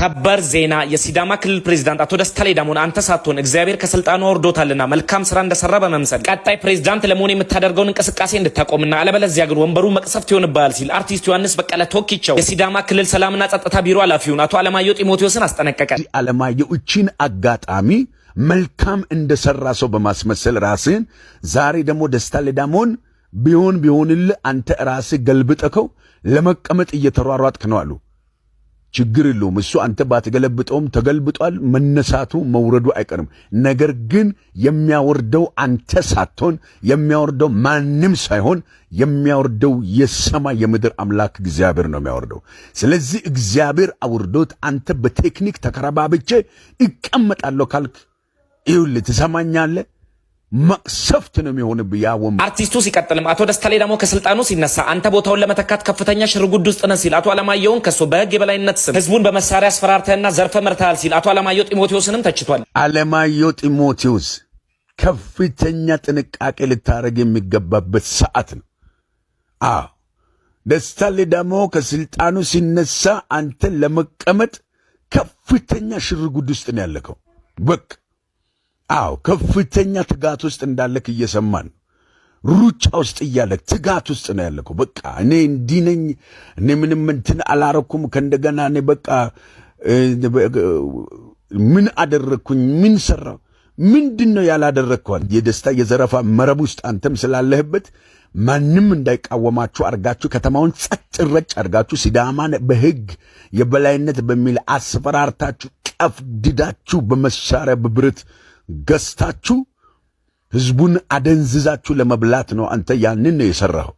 ሰበር ዜና የሲዳማ ክልል ፕሬዚዳንት አቶ ደስታ ሌዳሞን አንተ ሳትሆን እግዚአብሔር ከስልጣኑ አውርዶታልና መልካም ስራ እንደሰራ በመምሰል ቀጣይ ፕሬዚዳንት ለመሆን የምታደርገውን እንቅስቃሴ እንድታቆምና አለበለዚያ ግን ወንበሩ መቅሰፍት ይሆንብሃል ሲል አርቲስት ዮሐንስ በቀለ ቶኪቻው የሲዳማ ክልል ሰላምና ጸጥታ ቢሮ ኃላፊውን አቶ አለማየሁ ጢሞቴዎስን አስጠነቀቀ። አለማየሁ እቺን አጋጣሚ መልካም እንደሰራ ሰው በማስመሰል ራስህን ዛሬ ደግሞ ደስታ ሌዳሞን ቢሆን ቢሆንልህ አንተ ራስህ ገልብጠከው ለመቀመጥ እየተሯሯጥክ ነው አሉ። ችግር የለውም። እሱ አንተ ባትገለብጠውም ተገልብጧል። መነሳቱ መውረዱ አይቀርም። ነገር ግን የሚያወርደው አንተ ሳትሆን የሚያወርደው ማንም ሳይሆን የሚያወርደው የሰማይ የምድር አምላክ እግዚአብሔር ነው የሚያወርደው። ስለዚህ እግዚአብሔር አውርዶት አንተ በቴክኒክ ተከረባብቼ እቀመጣለሁ ካልክ ይሁል ትሰማኛለህ መቅሰፍት ነው የሚሆንብህ። ያ አርቲስቱ ሲቀጥልም አቶ ደስታ ላይ ደግሞ ከስልጣኑ ሲነሳ አንተ ቦታውን ለመተካት ከፍተኛ ሽርጉድ ውስጥ ነህ ሲል አቶ አለማየሁን ከሶ በህግ የበላይነት ስም ህዝቡን በመሳሪያ አስፈራርተህና ዘርፈ መርተሃል ሲል አቶ አለማየሁ ጢሞቴዎስንም ተችቷል። አለማየሁ ጢሞቴዎስ ከፍተኛ ጥንቃቄ ልታደረግ የሚገባበት ሰዓት ነው። አዎ ደስታሌ ሌዳሞ ከስልጣኑ ሲነሳ አንተን ለመቀመጥ ከፍተኛ ሽርጉድ ውስጥ ነው ያለከው። በቅ አዎ ከፍተኛ ትጋት ውስጥ እንዳለክ እየሰማን ሩጫ ውስጥ እያለክ ትጋት ውስጥ ነው ያለከው። በቃ እኔ እንዲህ ነኝ፣ እኔ ምንም እንትን አላረኩም፣ ከእንደገና እኔ በቃ ምን አደረግኩኝ? ምን ሰራው? ምንድን ነው ያላደረግከዋል? የደስታ የዘረፋ መረብ ውስጥ አንተም ስላለህበት ማንም እንዳይቃወማችሁ አርጋችሁ ከተማውን ጸጥ ረጭ አርጋችሁ ሲዳማን በህግ የበላይነት በሚል አስፈራርታችሁ ቀፍድዳችሁ በመሳሪያ በብረት ገዝታችሁ ህዝቡን አደንዝዛችሁ ለመብላት ነው። አንተ ያንን ነው የሰራኸው።